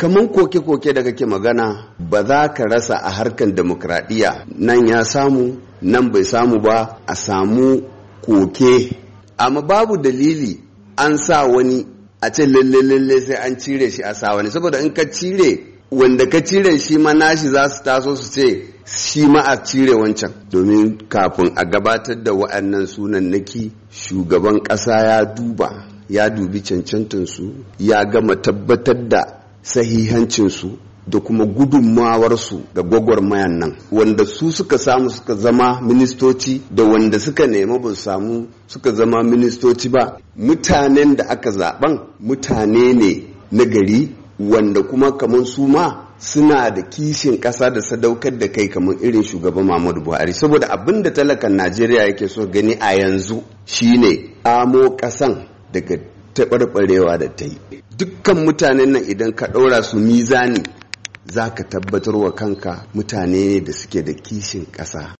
kamar koke-koke da kake magana ba za ka rasa a harkan demokradiyya nan ya samu nan bai samu ba a samu koke amma babu dalili an sa wani a ce lalle lalle sai an cire shi a sa wani saboda in ka cire wanda ka cire shi ma nashi za su taso su ce shi ma a cire wancan domin kafin a gabatar da wa'annan sunan naki shugaban ƙasa ya duba ya dubi cancantansu ya gama tabbatar da sahihancinsu da kuma gudunmawarsu ga gwagwarmayan nan wanda su suka samu suka zama ministoci da wanda suka nema ba samu suka zama ministoci ba mutanen da aka zaben mutane ne na gari wanda kuma kamar su ma suna da kishin ƙasa da sadaukar da kai kamar irin shugaban Muhammadu Buhari saboda abin da talakan Najeriya yake so gani a yanzu shine amo ƙasan daga taɓarɓarewa da ta yi dukkan mutanen nan idan ka ɗaura su mizani za ka tabbatar wa kanka mutane ne da suke da kishin ƙasa